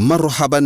marhaban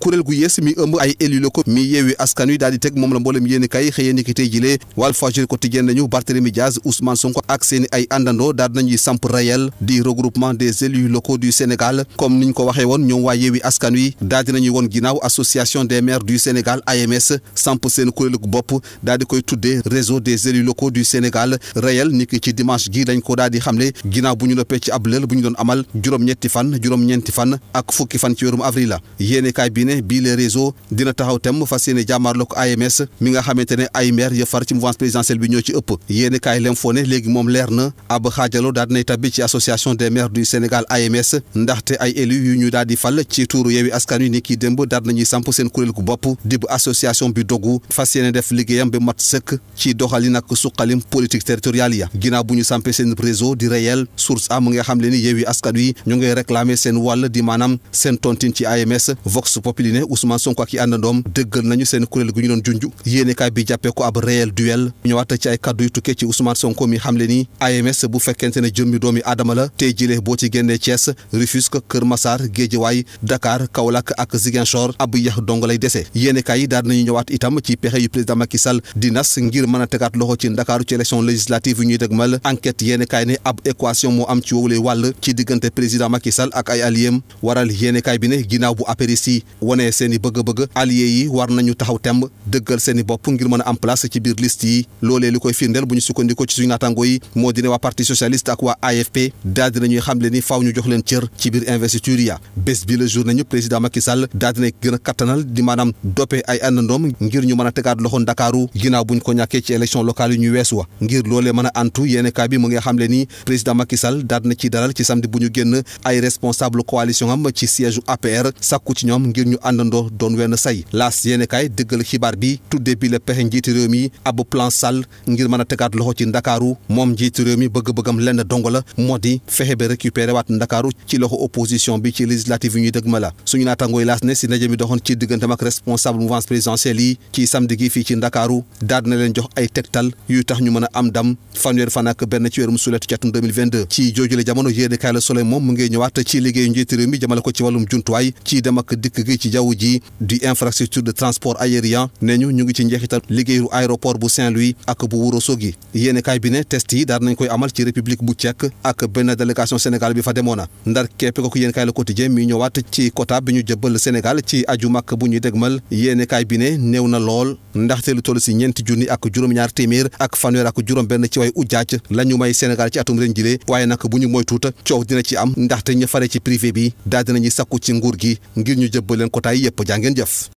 kuréel gu yees mi ëmb ay élus locaux mi yeewi askan wi daal di teg moom la mboolem yéen kay xëyee ni ki tey jilee Walf Fadjri quotidien nañu Barthélemy Diaz Ousmane Sonko ak seeni ay àndandoo daal nañuy samp rayel di regroupement des élus locaux du Sénégal comme niñ ko waxee woon ñoom waa yeewi askan wi daal di nañuy woon ginnaaw association des maires du Sénégal AMS samp seen kuréel gu bopp daal di koy tuddee réseau des élus locaux du Sénégal rayel ni ki ci dimanche gi dañ ko daal di xamle ginnaaw bu ñu noppee ci ab lël bu doon amal juróom-ñetti fan ñeenti fan ak fukki fan ci wérum avril la yéene kaay bi ne bii les réseaux dina taxaw temm fas yéene jàmmaarloo ko AMS mi nga xamante ay maire ya far ci mouvance présidentielle bi ñoo ci ëpp yéene kaay l'info ne léegi moom leer na ab xaajaloo daal dinay ci association des maires du Sénégal AMS ndaxte ay élus yu ñu daal fal ci tuuru Yewwi Askan Wi ni kii démb daal samp seen kuréel gu bopp dib association bi dogu fas yéene def liggéeyam bi mat sëkk ci doxalin ak suqalim politique territoriale ci AMS Vox Populi ne Ousmane Sonko ak yi àndandoom dëggal nañu seen kuréel gu ñu doon junj yéenekaay bi jàppee ko ab réel duel ñëwaat ci ay kàddu yu tukkee ci Ousmane Sonko mi xamle ni AMS bu fekkente ne jëmmi doomi aadama la tey jile boo ci génnee Thiès Rufisque Kër Massar Guédiawaye Dakar Kaolack ak Ziguinchor ab yax dong lay dese yéenekaay yi daal nañu ñëwaat itam ci pexe yu président Macky Sall di nas ngir mën a tegaat loxo ci Ndakaaru ci élection législative yu ñuy dëgmal enquête yéenekaay ne ab équation moo am ci wowule wàll ci diggante président Macky Sall ak ay alliés waral yéenekaay bi ne boole ginnaaw bu apéris yi wane i bëgg-bëgg alliés yi war nañu taxaw temb dëggal seen i bopp ngir mën a am place ci biir liste yi loolee li koy firndeel bu ñu sukkandikoo ci suñu naataango yi moo dine waa parti socialiste ak waa AFP daal dinañuy xamle ni faaw ñu jox leen cër ci biir investiture ya bés bi la journée ñu président Macky Sall daal dina kattanal di maanaam dope ay àndandoom ngir ñu mën a tegaat loxo Ndakaaru ginnaaw bu ñu génn ay ci siège APR sàkku ci ñoom ñu àndandoo doon laas bi tuddee bi la pexe ci ndakaaru moom njiiti réew mi bëgg-bëggam lenn dong la moo di fexe ba récupéré waat ndakaaru bi ci législative yi ñuy dëgma la suñu naatangooy ne si ndaje mi doxoon ci diggantam ak responsable mouvance présidentielle yi ci ci ndakaaru daal na leen jox ay tegtal yuy tax ñu mën a ci weerum sulet ci atum 2022 ci la Soleil moom mu ngi ñëwaat ci liggéeyu njiiti réew mi jamale ko ci wàllum juntuwaay taxawaay ci dem ak dikk gi ci jaww ji du infrastructure de transport aérien ne ñu ñu ngi ci njeexital liggéeyu aéroport bu Saint-Louis ak bu Ourossogui yéenekaay bi ne test yi daar nañ koy amal ci république bu Tchèque ak benn délégation Sénégal bi fa demoon na ndar képp ko yéenekaay Le Quotidien mi ñëwaat ci quota bi ñu jëbbal Sénégal ci aju màkk bu ñuy dégmal yéenekaay bi ne néew na lool ndaxte lu toll si ñeenti junni ak juróom-ñaar téeméer ak fanweer ak juróom-benn ci way la ñu may Sénégal ci atum ren jilee waaye nag bu ñu moytuut coow dina ci am ndaxte ñu ci privé bi nguur ngir ñu jëbbaleen ko tay yëpp jàngeen jëf